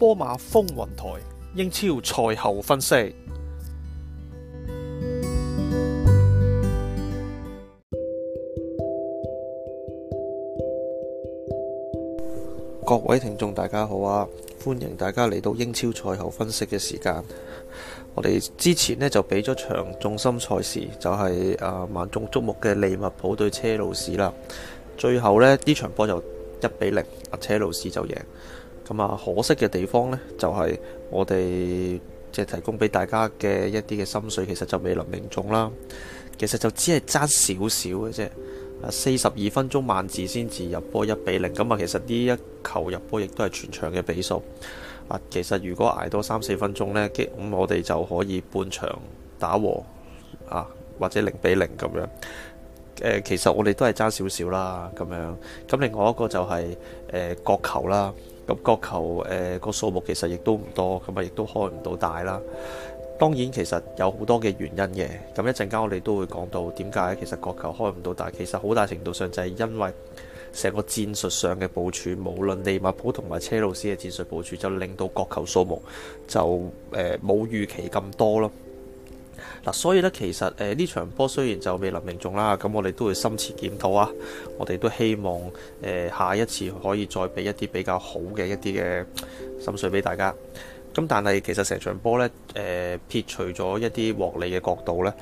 波馬風雲台英超賽後分析，各位聽眾大家好啊，歡迎大家嚟到英超賽後分析嘅時間。我哋之前呢就畀咗場重心賽事，就係啊萬眾矚目嘅利物浦對車路士啦。最後呢呢場波就一比零，阿車路士就贏。咁啊，可惜嘅地方呢，就係我哋即係提供俾大家嘅一啲嘅心水，其實就未能命中啦。其實就只係爭少少嘅啫。啊，四十二分鐘，萬字先至入波一比零。咁啊，其實呢一球入波亦都係全場嘅比數啊。其實如果捱多三四分鐘呢，咁我哋就可以半場打和啊，或者零比零咁樣。誒，其實我哋都係爭少少啦，咁樣。咁另外一個就係誒角球啦。咁角球誒個數目其實亦都唔多，咁啊亦都開唔到大啦。當然其實有好多嘅原因嘅，咁一陣間我哋都會講到點解其實角球開唔到大。其實好大程度上就係因為成個戰術上嘅部署，無論利物浦同埋車路士嘅戰術部署，就令到角球數目就誒冇預期咁多咯。嗱，所以咧，其實誒呢場波雖然就未能命中啦，咁我哋都會深切檢討啊。我哋都希望誒下一次可以再俾一啲比較好嘅一啲嘅心水俾大家。咁但係其實成場波咧，誒撇除咗一啲獲利嘅角度咧，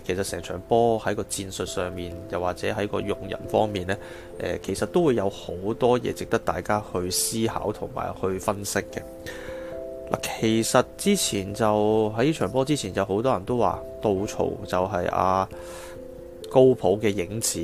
誒其實成場波喺個戰術上面，又或者喺個用人方面咧，誒其實都會有好多嘢值得大家去思考同埋去分析嘅。其實之前就喺呢場波之前，就好多人都話杜曹就係阿、啊、高普嘅影子。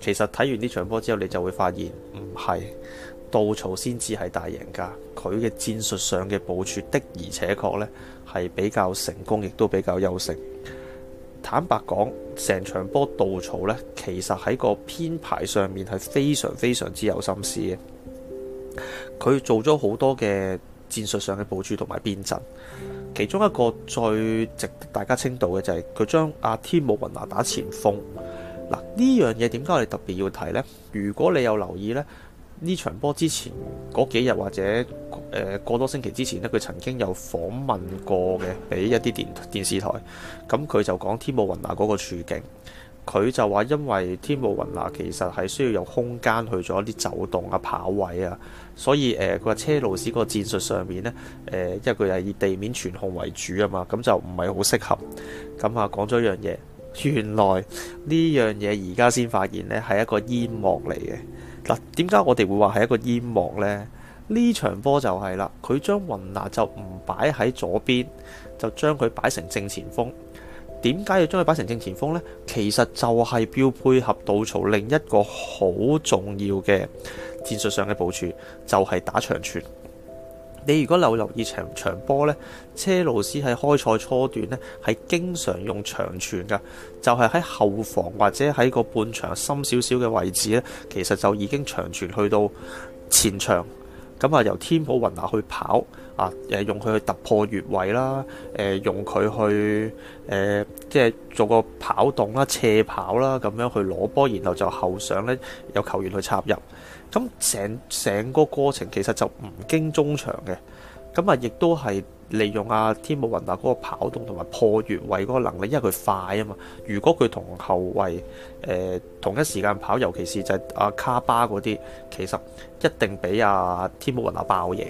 其實睇完呢場波之後，你就會發現唔係杜曹先至係大贏家。佢嘅戰術上嘅部署的而且確呢係比較成功，亦都比較優勝。坦白講，成場波杜曹呢，其實喺個編排上面係非常非常之有心思嘅。佢做咗好多嘅戰術上嘅部署同埋變陣，其中一個最值得大家稱道嘅就係佢將阿天母雲娜打前鋒。嗱，呢樣嘢點解我哋特別要提呢？如果你有留意咧，呢場波之前嗰幾日或者誒、呃、過多星期之前咧，佢曾經有訪問過嘅，俾一啲電電視台，咁佢就講天母雲娜嗰個處境。佢就話因為天幕雲拿其實係需要有空間去做一啲走動啊跑位啊，所以誒佢話車路士嗰個戰術上面呢，誒、呃，因為佢係以地面傳控為主啊嘛，咁就唔係好適合。咁啊講咗一樣嘢，原來呢樣嘢而家先發現呢係一個煙幕嚟嘅。嗱，點解我哋會話係一個煙幕呢？呢場波就係啦，佢將雲拿就唔擺喺左邊，就將佢擺成正前鋒。點解要將佢擺成正前鋒呢？其實就係標配合導槽另一個好重要嘅戰術上嘅部署，就係打長傳。你如果留留意場場波呢，車路士喺開賽初段呢，係經常用長傳㗎，就係喺後防或者喺個半場深少少嘅位置呢，其實就已經長傳去到前場。咁啊，由天普雲拿去跑啊，誒用佢去突破越位啦，誒用佢去誒、呃、即係做個跑動啦、斜跑啦，咁樣去攞波，然後就後上咧，有球員去插入。咁成成個過程其實就唔經中場嘅，咁啊，亦都係。利用啊，天慕雲娜嗰個跑動同埋破越位嗰個能力，因為佢快啊嘛。如果佢同後衛誒、呃、同一時間跑，尤其是就係阿卡巴嗰啲，其實一定畀阿天慕雲娜爆贏。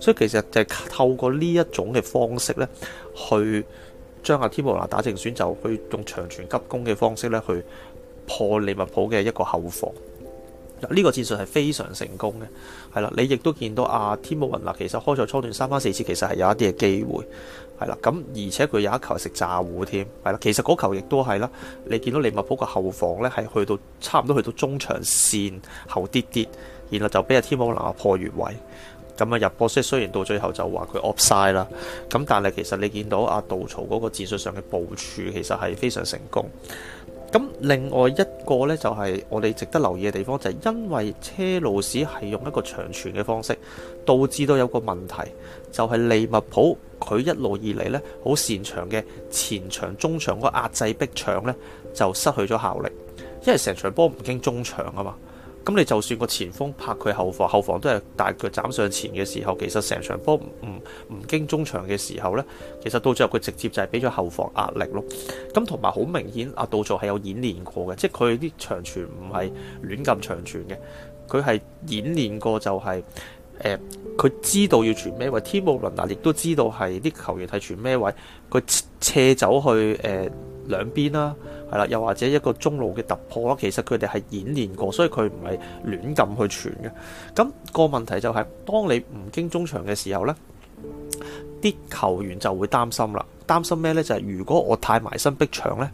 所以其實就係透過呢一種嘅方式咧，去將阿天慕雲娜打正選就，就去用長傳急攻嘅方式咧，去破利物浦嘅一個後防。呢個戰術係非常成功嘅，係啦，你亦都見到阿、啊、天武雲嗱，其實開賽初段三番四次其實係有一啲嘅機會，係啦，咁而且佢有一球食炸糊添，係啦，其實嗰球亦都係啦，你見到利物浦個後防呢，係去到差唔多去到中場線後啲啲，然後就俾阿、啊、天武雲破越位，咁啊入波式，雖然到最後就話佢 offside 曬啦，咁但係其實你見到阿、啊、杜曹嗰個戰術上嘅部署其實係非常成功。咁另外一個呢，就係我哋值得留意嘅地方，就係因為車路士係用一個長傳嘅方式，導致到有個問題，就係利物浦佢一路以嚟呢，好擅長嘅前場中場嗰個壓制逼搶呢，就失去咗效力，因為成場波唔經中場啊嘛。咁你就算個前鋒拍佢後防，後防都係大腳斬上前嘅時候，其實成場波唔唔經中場嘅時候呢，其實到最後佢直接就係俾咗後防壓力咯。咁同埋好明顯，阿杜作係有演練過嘅，即係佢啲長傳唔係亂咁長傳嘅，佢係演練過就係、誒，佢、呃、知道要傳咩位，天布倫拿，亦都知道係啲球員係傳咩位，佢斜走去誒。呃兩邊啦，係啦，又或者一個中路嘅突破啦。其實佢哋係演練過，所以佢唔係亂咁去傳嘅。咁個問題就係，當你唔經中場嘅時候呢，啲球員就會擔心啦。擔心咩呢？就係如果我太埋身逼場呢，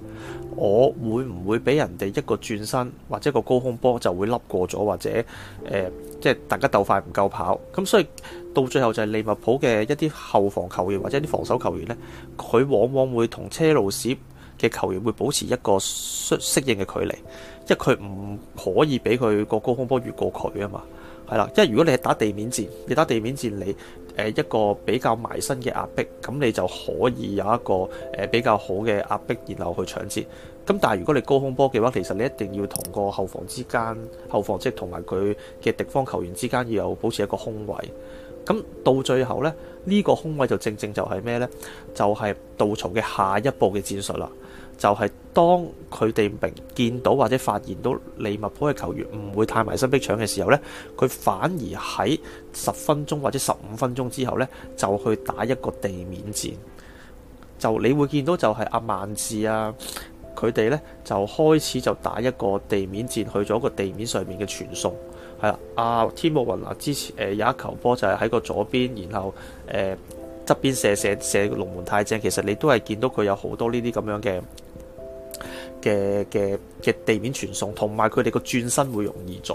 我會唔會俾人哋一個轉身或者個高空波就會笠過咗，或者即係，呃，大家鬥快唔夠跑。咁所以到最後就係利物浦嘅一啲後防球員或者啲防守球員呢，佢往往會同車路士嘅球員會保持一個適適應嘅距離，即係佢唔可以俾佢個高空波越過佢啊嘛，係啦。即係如果你係打地面戰，你打地面戰，你誒一個比較埋身嘅壓迫，咁你就可以有一個誒比較好嘅壓迫然後去搶截。咁但係如果你高空波嘅話，其實你一定要同個後防之間、後防即係同埋佢嘅敵方球員之間要有保持一個空位。咁到最後呢，呢、這個空位就正正就係咩呢？就係杜曹嘅下一步嘅戰術啦。就係、是、當佢哋明見到或者發現到利物浦嘅球員唔會太埋身逼搶嘅時候呢，佢反而喺十分鐘或者十五分鐘之後呢，就去打一個地面戰。就你會見到就係阿曼治啊，佢哋呢，就開始就打一個地面戰，去咗個地面上面嘅傳送。係啦，阿、啊、天慕雲啊，之前誒有一球波就係喺個左邊，然後誒側、呃、邊射射射龍門太正，其實你都係見到佢有好多呢啲咁樣嘅嘅嘅嘅地面傳送，同埋佢哋個轉身會容易咗。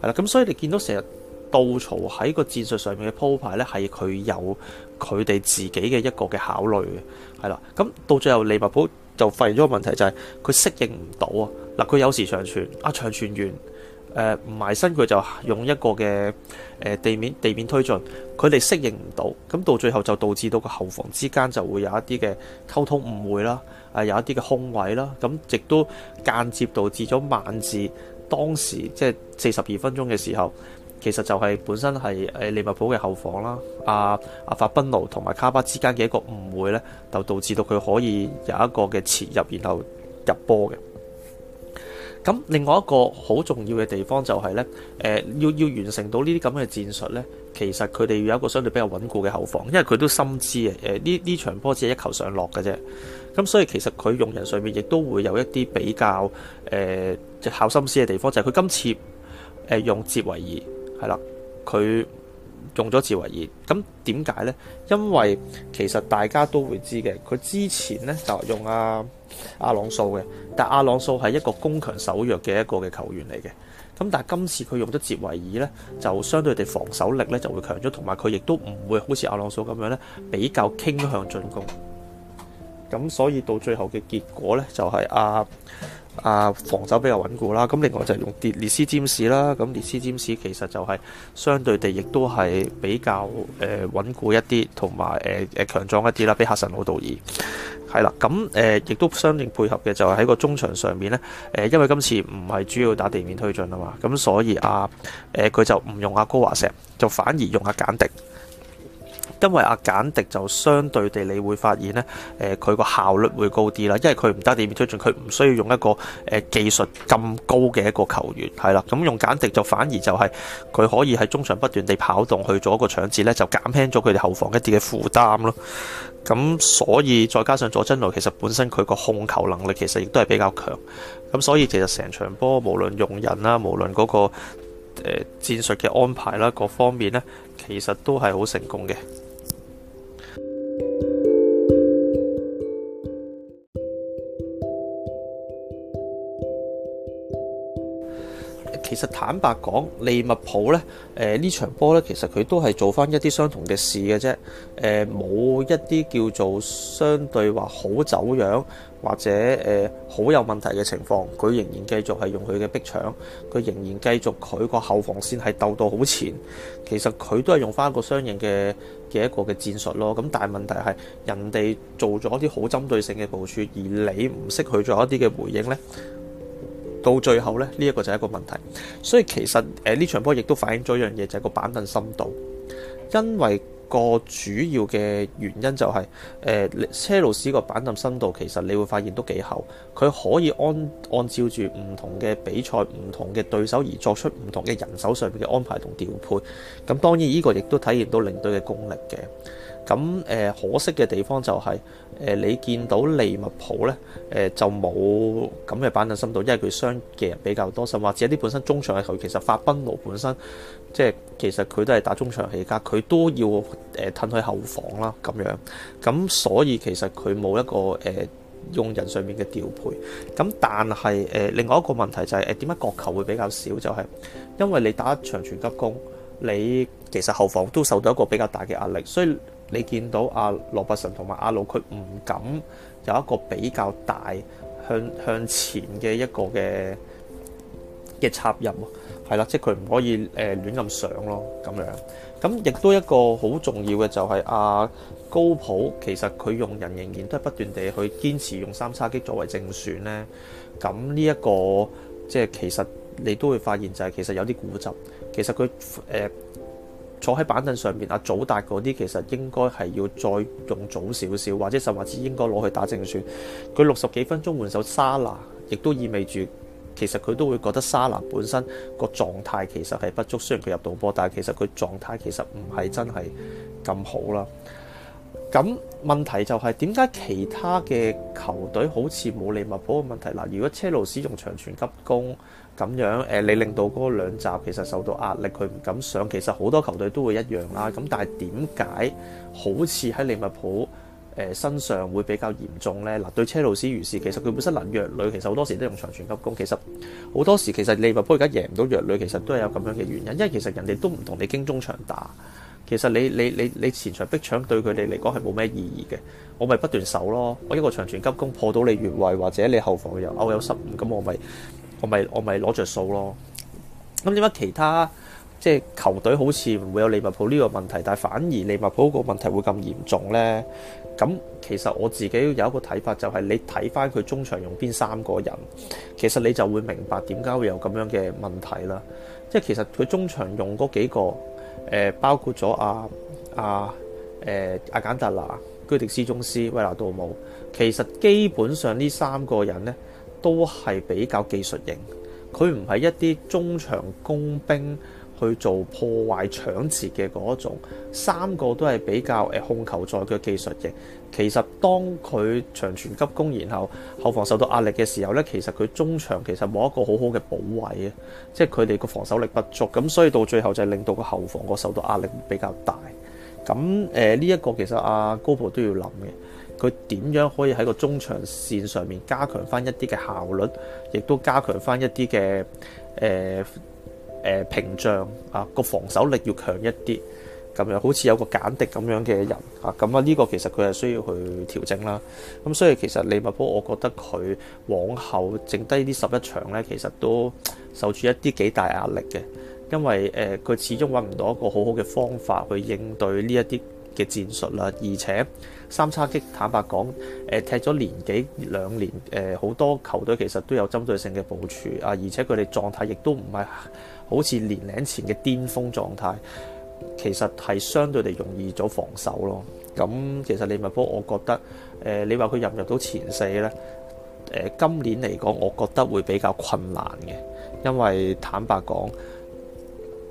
係啦，咁所以你見到成日杜曹喺個戰術上面嘅鋪排咧，係佢有佢哋自己嘅一個嘅考慮嘅。係啦，咁到最後利物浦就發現咗個問題就係佢適應唔到啊！嗱，佢有時長傳，啊長傳完。誒唔埋身佢就用一個嘅誒地面地面推進，佢哋適應唔到，咁到最後就導致到個後防之間就會有一啲嘅溝通誤會啦，啊有一啲嘅空位啦，咁、啊、亦都間接導致咗曼字。當時即係四十二分鐘嘅時候，其實就係本身係誒利物浦嘅後防啦，阿、啊、阿法賓奴同埋卡巴之間嘅一個誤會呢，就導致到佢可以有一個嘅切入，然後入波嘅。咁另外一個好重要嘅地方就係、是、呢，誒、呃、要要完成到呢啲咁嘅戰術呢，其實佢哋要有一個相對比較穩固嘅後防，因為佢都深知啊，誒呢呢場波只係一球上落嘅啫，咁所以其實佢用人上面亦都會有一啲比較誒考、呃、心思嘅地方，就係、是、佢今次誒用捷維爾，係啦，佢。用咗捷維爾，咁點解呢？因為其實大家都會知嘅，佢之前呢就用阿、啊、阿朗素嘅，但阿朗素係一個攻強守弱嘅一個嘅球員嚟嘅，咁但係今次佢用咗捷維爾呢，就相對地防守力呢就會強咗，同埋佢亦都唔會好似阿朗素咁樣呢，比較傾向進攻，咁所以到最後嘅結果呢，就係、是、阿、啊。啊，防守比較穩固啦。咁另外就係用列列斯詹士啦。咁、啊、列斯詹士其實就係相對地亦都係比較誒、呃、穩固一啲，同埋誒誒強壯一啲啦。比哈神魯道爾。係啦。咁誒亦都相應配合嘅就係喺個中場上面呢。誒、啊、因為今次唔係主要打地面推進啊嘛。咁所以啊誒佢、啊啊、就唔用阿高華石，就反而用阿、啊、簡迪。因為阿、啊、簡迪就相對地，你會發現呢，誒佢個效率會高啲啦，因為佢唔得地面推進，佢唔需要用一個誒、呃、技術咁高嘅一個球員，係啦，咁、嗯、用簡迪就反而就係、是、佢可以喺中場不斷地跑動，去做一個搶截呢就減輕咗佢哋後防一啲嘅負擔咯。咁、嗯、所以再加上佐真奴，其實本身佢個控球能力其實亦都係比較強。咁、嗯、所以其實成場波，無論用人啦，無論嗰、那個。呃，戰術嘅安排啦，各方面呢，其實都係好成功嘅。其實坦白講，利物浦咧，誒、呃、呢場波呢，其實佢都係做翻一啲相同嘅事嘅啫，冇、呃、一啲叫做相對話好走樣或者誒好、呃、有問題嘅情況，佢仍然繼續係用佢嘅逼搶，佢仍然繼續佢個後防線係鬥到好前，其實佢都係用翻一個相應嘅嘅一個嘅戰術咯。咁但係問題係，人哋做咗啲好針對性嘅部署，而你唔識去做一啲嘅回應呢。到最後呢，呢、這、一個就係一個問題，所以其實誒呢、呃、場波亦都反映咗一樣嘢，就係、是、個板凳深度，因為個主要嘅原因就係、是、誒、呃、車路士個板凳深度其實你會發現都幾厚，佢可以安按，按照住唔同嘅比賽、唔同嘅對手而作出唔同嘅人手上邊嘅安排同調配，咁當然呢個亦都體現到領隊嘅功力嘅。咁誒、呃、可惜嘅地方就係、是、誒、呃、你見到利物浦呢，誒、呃、就冇咁嘅板凳深度，因為佢傷嘅人比較多，甚至一啲本身中場嘅球員，其實法賓奴本身，即係其實佢都係打中場起家，佢都要誒褪、呃、去後防啦咁樣，咁所以其實佢冇一個誒、呃、用人上面嘅調配。咁但係誒、呃、另外一個問題就係誒點解角球會比較少？就係、是、因為你打長傳急攻，你其實後防都受到一個比較大嘅壓力，所以。你見到阿羅拔臣同埋阿魯，佢唔敢有一個比較大向向前嘅一個嘅嘅插入，係啦，即係佢唔可以誒、呃、亂咁上咯咁樣。咁亦都一個好重要嘅就係、是、阿、啊、高普，其實佢用人仍然都係不斷地去堅持用三叉戟作為正選咧。咁呢一個即係其實你都會發現就係、是、其實有啲固執，其實佢誒。呃坐喺板凳上面，阿祖達嗰啲其實應該係要再用早少少，或者甚至應該攞去打正選。佢六十幾分鐘換手沙拿，亦都意味住其實佢都會覺得沙拿本身個狀態其實係不足。雖然佢入到波，但係其實佢狀態其實唔係真係咁好啦。咁問題就係點解其他嘅球隊好似冇利物浦嘅問題？嗱，如果車路士用長傳急攻咁樣，誒你令到嗰兩閘其實受到壓力，佢唔敢上。其實好多球隊都會一樣啦。咁但係點解好似喺利物浦誒身上會比較嚴重呢？嗱，對車路士如是，其實佢本身能弱旅，其實好多時都用長傳急攻。其實好多時其實利物浦而家贏唔到弱旅，其實都有咁樣嘅原因，因為其實人哋都唔同你經中場打。其實你你你你前場逼搶對佢哋嚟講係冇咩意義嘅，我咪不斷守咯。我一個長傳急攻破到你越位或者你後防又、哦、有有失誤，咁我咪我咪我咪攞着數咯。咁點解其他即係、就是、球隊好似唔會有利物浦呢個問題，但係反而利物浦個問題會咁嚴重呢？咁其實我自己有一個睇法，就係你睇返佢中場用邊三個人，其實你就會明白點解會有咁樣嘅問題啦。即係其實佢中場用嗰幾個。呃、包括咗、啊啊呃、阿阿誒阿簡達拿、居迪斯宗斯、威拿杜姆，其實基本上呢三個人呢都係比較技術型，佢唔係一啲中場工兵。去做破壞搶截嘅嗰種，三個都係比較誒控球在嘅技術型。其實當佢長傳急攻，然後後防受到壓力嘅時候呢，其實佢中場其實冇一個好好嘅保位啊，即係佢哋個防守力不足，咁所以到最後就令到個後防個受到壓力比較大。咁誒呢一個其實阿、啊、高普都要諗嘅，佢點樣可以喺個中場線上面加強返一啲嘅效率，亦都加強返一啲嘅誒。呃誒、呃、屏障啊，個防守力要強一啲咁樣，好似有個簡迪咁樣嘅人啊，咁啊呢、這個其實佢係需要去調整啦。咁、啊、所以其實利物浦，我覺得佢往後剩低呢十一場呢，其實都受住一啲幾大壓力嘅，因為誒佢、呃、始終揾唔到一個好好嘅方法去應對呢一啲。嘅戰術啦，而且三叉戟，坦白講，誒、呃、踢咗年幾兩年，誒、呃、好多球隊其實都有針對性嘅部署啊，而且佢哋狀態亦都唔係好似年零前嘅巔峰狀態，其實係相對地容易咗防守咯。咁其實利物浦，我覺得，誒、呃、你話佢入唔入到前四呢、呃，今年嚟講，我覺得會比較困難嘅，因為坦白講，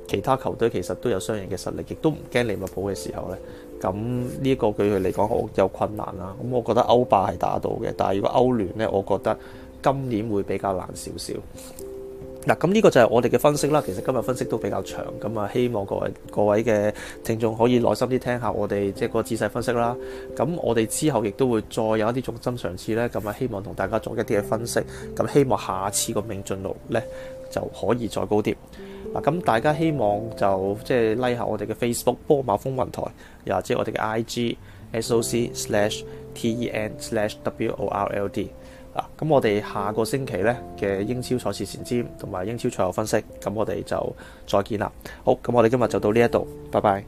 其他球隊其實都有相應嘅實力，亦都唔驚利物浦嘅時候呢。咁呢個對佢嚟講，好有困難啦。咁我覺得歐霸係打到嘅，但係如果歐聯呢，我覺得今年會比較難少少。嗱，咁呢個就係我哋嘅分析啦。其實今日分析都比較長，咁啊，希望各位各位嘅聽眾可以耐心啲聽下我哋即係個仔細分析啦。咁我哋之後亦都會再有一啲重真嘗次呢。咁啊，希望同大家做一啲嘅分析。咁希望下次個命進路呢就可以再高啲。嗱，咁大家希望就即係拉下我哋嘅 Facebook 波馬風雲台，又或者我哋嘅 IG soc slash ten slash world。咁我哋下個星期呢嘅英超賽事前瞻同埋英超賽後分析，咁我哋就再見啦。好，咁我哋今日就到呢一度，拜拜。